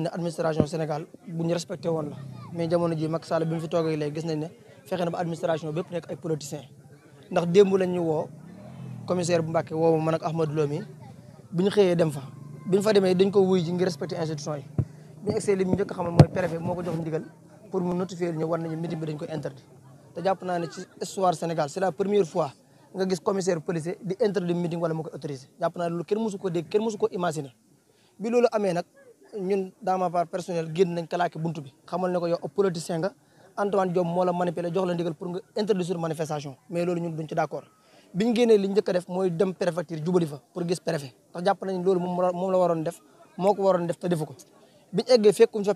nañ ne administration Sénégal bu ñu respecté woon la mais jamono ji Macky Sall bi mu fi toogee léegi gis nañ ne fexe na ba administration bépp bu ma man ak Ahmadou Lo mi bi ñu xëyee dem fa fa demee dañ ko wuy ji ngir respecté institution yi bi ñu egsee li ñu njëkk xamal mooy préfet mu notifier ñu war nañu meeting bi dañ ko interdit te jàpp naa histoire Sénégal c'est la première fois nga gis commissaire policier di interdit meeting wala mu koy autorisé jàpp naa ne loolu kenn mosu ko kenn mosu imaginer bi loolu amee nag ñun daama par personnel génn nañ kalaake buntu bi xamal ne ko yow politicien nga Antoine Diome moo la manipulé jox la ndigal pour nga interdire manifestation mais loolu ñun duñ ci d'accord biñ génnee li ñu njëkk a def mooy dem fa pour gis fa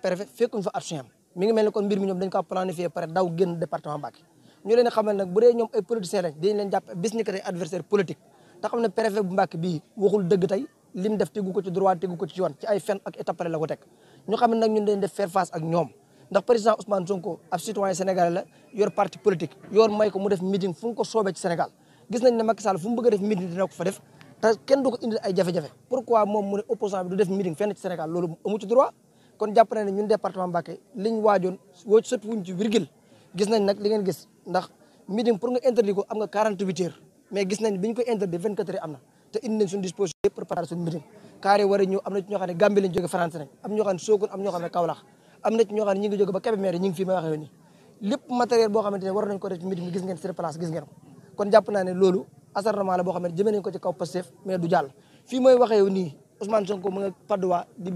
préfet fekkuñ fa ngi mel ni kon mbir mi ñoom dañ ko planifié pare daw génn département Mbacké ñu leen xamal nag bu dee ñoom ay politiciens lañ dañ leen jàpp bis ni que adversaire politique te xam ne préfet bu Mbacké waxul dëgg mu def tegu ko ci droit tegu ko ci yoon ci ay fen ak étape la ko teg ñu xam nag ñun dañ def faire face ak ñoom ndax président Ousmane Sonko ab citoyen sénégalais la yor parti politique yoon may ko mu def meeting fu mu ko soobee ci Sénégal gis nañ ne Macky Sall fu mu bëgg a def meeting dina ko fa def te ko indil ay jafe-jafe pourquoi moom mu ne opposant bi du def meeting fenn ci Sénégal loolu amu ci droit kon jàpp na ne ñun ci virgule gis nañ nag li ngeen gis ndax meeting pour nga interdit ko am nga 48 heures mais gis nañ biñ ko interdit 24 heures am na te indi nañ suñu disposition yëpp pour préparer suñu meeting carré war a ñëw am na ci ñoo xam ne Gambie lañ France nañ am ñoo xam ne Sokone am ñoo xam ne Kaolack am na ci ñoo xam ne ñi ngi jóge ba Kébémer ñi ko gis ngeen ko kon jàpp naa ne loolu acharnement la boo xam ne jëmee nañ ko ci kaw Pastef du jàll fii mooy waxee nii Ousmane Sonko mu nga Padoa di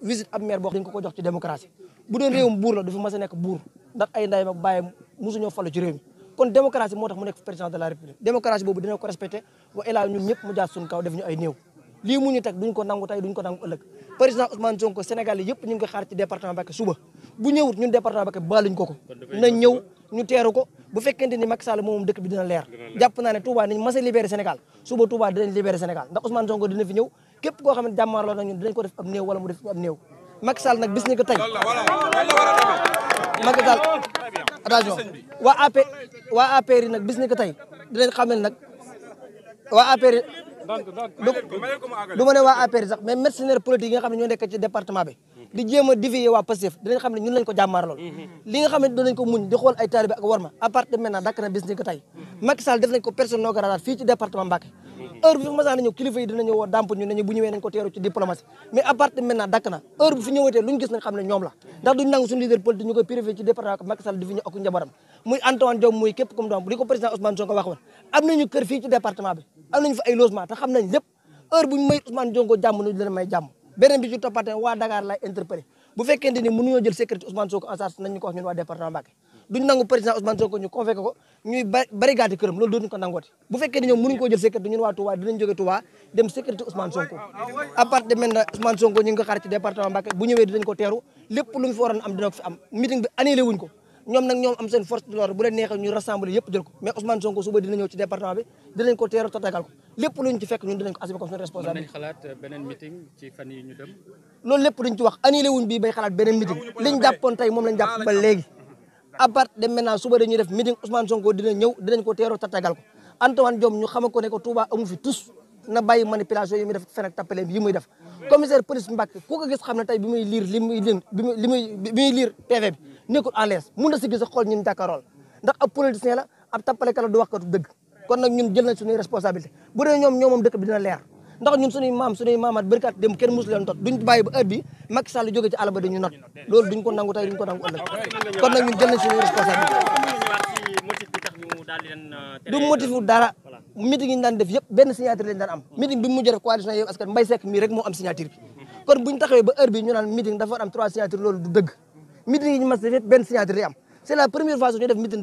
visite ab maire boo xam ne dañ ko ko jox ci démocratie bu doon réewum buur la du fi mas a nekk buur ndax ay ndayam ak kon démocratie moo tax mu nekk président de la république démocratie boobu dina ko respecté wa ilaa ñun ñëpp mu jaar kaw def ñu ay néew lii mu ñu teg duñ ko nangu tey duñ ko nangu ëllëg président Ousmane Sonko Sénégal yëpp ñu ko xaar ci département Mbacké suba bu ñëwut ñun département Mbacké baaluñ ko ko nañ ñëw ñu teeru ko bu fekkente ni Macky Sall moom dëkk bi dina leer jàpp naa ne Touba nañ mas a libéré Sénégal suba Touba dinañ libéré Sénégal dina fi ñëw attention waa AP waa APR yi nag bis ni ko tey dinañ xamal nag waa APR yi du ma ne waa APR sax mais mercenaires politiques yi nga xam ne ñoo nekk ci département bi di jéem a divier waa Pastef dinañ xam ne ñun lañ ko jàmmaar lool mhm. li xam ne dinañ ko muñ di xool ay taalibe ak warma à partir de dakk na bis ni ko tey mhm. Macky Sall ko personne non gradate fii ci département Mbacké heure bi fi masaan a ñëw kilifa yi woo dàmp ñu nañu bu ñëwee nañ ko teeru ci diplomatie mais à partir dakk na heure bi fi ñëwatee lu ñu gis nañ ko président Ousmane bi am nañu fa ay logement te xam nañ lépp heure buñ may ñu jël sécurité Ousmane Sonko en charge nañ ko wax ñun waa département Mbacké duñ nangu président Ousmane Sonko ñu convoqué ko ñuy barricade këram loolu dootuñu ko nangooti bu fekkee ne ñoom mënuñu koo jël sécurité ñun waa Touba dinañ jóge Touba dem sécurité Ousmane Sonko à part de maintenant Ousmane Sonko ñu ngi ko xaar ci département Mbacké bu ñëwee dinañ ko teeru lépp lu mu fi waroon am dina ko fi am meeting bi annulé wuñ ko ñoom nag ñoom am seen force de l'ordre bu leen neexee ñu rassembler yëpp jël ko mais Ousmane Sonko suba dina ñëw ci département bi dinañ ko teeru tatagal ko lépp luñ ci fekk ñun dinañ ko assumer comme suñu responsable. mën nañ xalaat beneen meeting ci fan yi ñu dem. loolu lépp duñ ci wax annulé wuñ bii bay xalaat beneen meeting liñ jàppoon tey moom lañ jàpp ba léegi à part de maintenant suba dañuy def meeting Ousmane Sonko dina ñëw dinañ ko teeroo tatagal ko Antoine Diome ñu xama ko ne ko Touba amu fi tous na bàyyi manipulation yi muy def fen tappaleem yi muy def commissaire police ko gis xam ne tey bi muy liir li muy li muy li muy bi mun na si gis a xool ñun jàkkaarool ndax ab politicien la a tappalekat la du waxkatu dëgg kon nag ñun jël nañ suñuy responsabilité bu dee ñoom ñoo moom dëkk bi dina leer ndax ñun suñuy maam suñuy maamaat bërkaat dem kenn mosu leen tot duñ bàyyi ba heure bi Macky Sall jóge ci àll ba dañu not loolu ko nangu tey duñ ko nangu ëllëg du motif dara meeting daan def yëpp benn signature lañ am meeting bi mu mujj def coalition Yewwi Askan Mbaye Seck mii rek moo am signature bi kon buñ taxawee ba heure ñu naan meeting dafa war am trois signature loolu du dëgg meeting yi ñu mas def benn signature lay am c'est la première fois su ñu def meeting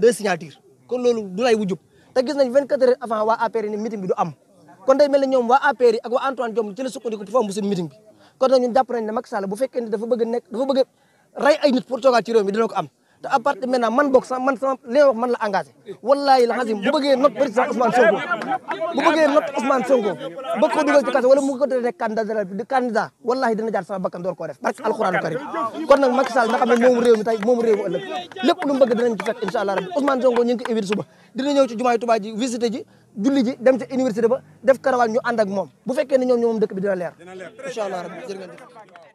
avant waa APR ni meeting bi du am kon day mel ne ñoom waa APR yi ak waa Antoine Diome ci la sukkandiku ci fomb seen meeting bi kon nag ñun jàpp nañ ne Macky Sall bu fekkee ne dafa bëgg nekk dafa bëgg rey ay nit pour toogaat ci mi dina ko am te à partir maintenant man bokk sama man sama li wax man la engagé wallaahi la xasim bu bëggee not président Ousmane Sonko bu bëggee not Ousmane Sonko bëgg ko dugal ci kaso wala mu moom suba dina ñëw ci jumaay Tuubaa ji ji julli ji dem ci université ba def karawaan ñu ànd ak bu fekkee ne ñoom ñoom dëkk bi dina leer